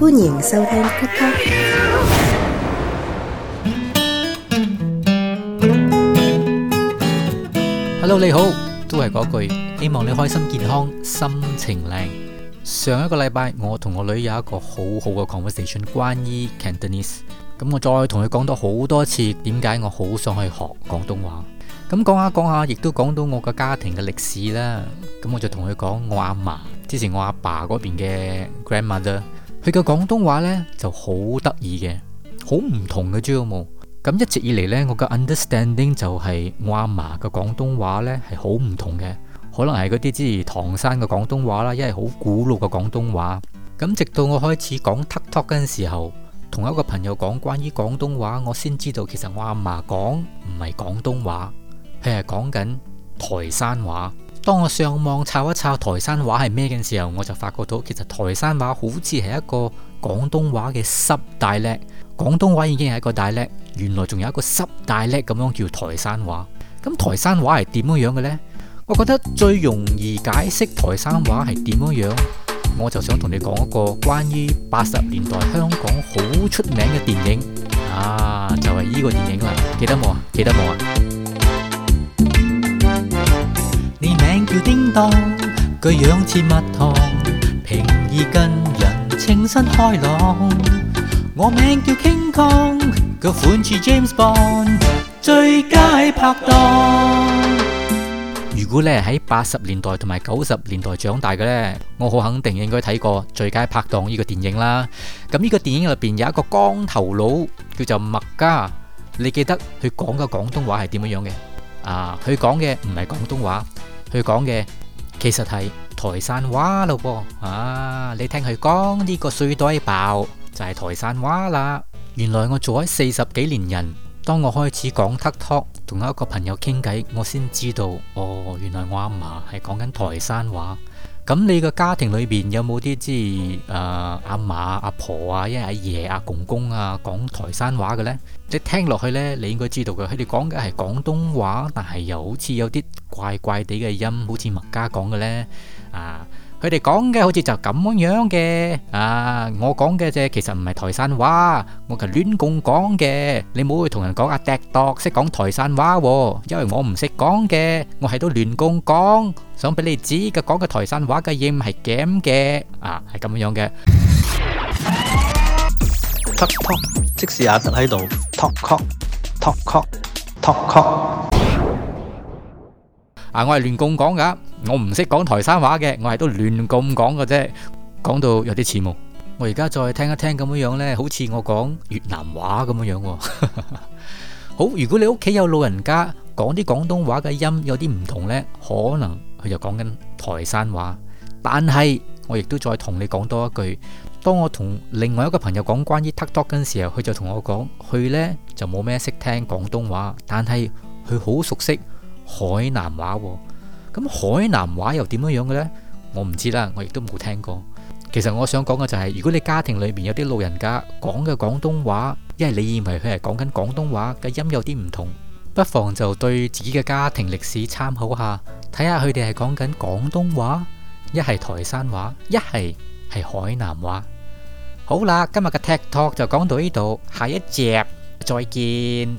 歡迎收聽《Tuck Talk》。Hello，你好，都係嗰句，希望你開心健康，心情靚。上一個禮拜，我同我女有一個好好嘅 conversation，關於 Cantonese。咁我再同佢講多好多次，點解我好想去學廣東話。咁講下講下，亦都講到我嘅家庭嘅歷史啦。咁我就同佢講我阿嫲之前，我阿爸嗰邊嘅 grandmother。佢嘅廣東話呢就好得意嘅，好唔同嘅啫喎。咁一直以嚟呢，我嘅 understanding 就係我阿嫲嘅廣東話呢係好唔同嘅，可能係嗰啲之唐山嘅廣東話啦，一係好古老嘅廣東話。咁直到我開始講 Tuck Talk 嗰陣時候，同一個朋友講關於廣東話，我先知道其實我阿嫲講唔係廣東話，佢係講緊台山話。當我上網查一查台山話係咩嘅時候，我就發覺到其實台山話好似係一個廣東話嘅 sub-dialect。廣東話已經係一個 dialect，原來仲有一個 sub-dialect 咁樣叫台山話。咁台山話係點樣樣嘅呢？我覺得最容易解釋台山話係點樣樣，我就想同你講一個關於八十年代香港好出名嘅電影，啊，就係呢個電影啦。記得冇啊？記得冇啊？個樣似蜜糖，平易近人，清新開朗。我名叫 King Kong，個款似 James Bond，最佳拍檔。如果咧喺八十年代同埋九十年代長大嘅咧，我好肯定應該睇過《最佳拍檔》呢個電影啦。咁呢個電影入邊有一個光頭佬叫做麥嘉。你記得佢講嘅廣東話係點樣樣嘅？啊，佢講嘅唔係廣東話，佢講嘅。其實係台山話咯噃，啊，你聽佢講呢個水袋爆就係、是、台山話啦。原來我做咗四十幾年人，當我開始講 Tuck Talk 同一個朋友傾偈，我先知道哦，原來我阿嫲係講緊台山話。咁你個家庭裏邊有冇啲即係誒阿嫲、阿婆啊，一係阿爺阿公公啊講台山話嘅呢？即係聽落去呢，你應該知道佢，佢哋講嘅係廣東話，但係又好似有啲。怪怪地嘅音，好似墨家講嘅呢啊！佢哋講嘅好似就咁樣樣嘅啊！我講嘅啫，其實唔係台山話，我係亂咁講嘅。你冇去同人講阿德都識講台山話，因為我唔識講嘅，我喺度亂咁講，想俾你知佢講嘅台山話嘅音係咁嘅啊，係咁樣嘅。托托，即使阿德喺度，托托托托托。啊！我係亂咁講噶，我唔識講台山話嘅，我係都亂咁講嘅啫，講到有啲似冇。我而家再聽一聽咁樣樣咧，好似我講越南話咁樣樣喎。 好，如果你屋企有老人家講啲廣東話嘅音有啲唔同咧，可能佢就講緊台山話。但係我亦都再同你講多一句，當我同另外一個朋友講關於 TikTok 嘅時候，佢就同我講，佢咧就冇咩識聽廣東話，但係佢好熟悉。海南話，咁海南話又點樣樣嘅呢？我唔知啦，我亦都冇聽過。其實我想講嘅就係，如果你家庭裏面有啲老人家講嘅廣東話，因為你認為佢係講緊廣東話嘅音有啲唔同，不妨就對自己嘅家庭歷史參考下，睇下佢哋係講緊廣東話，一係台山話，一係係海南話。好啦，今日嘅 Tuck Talk 就講到呢度，下一集再見。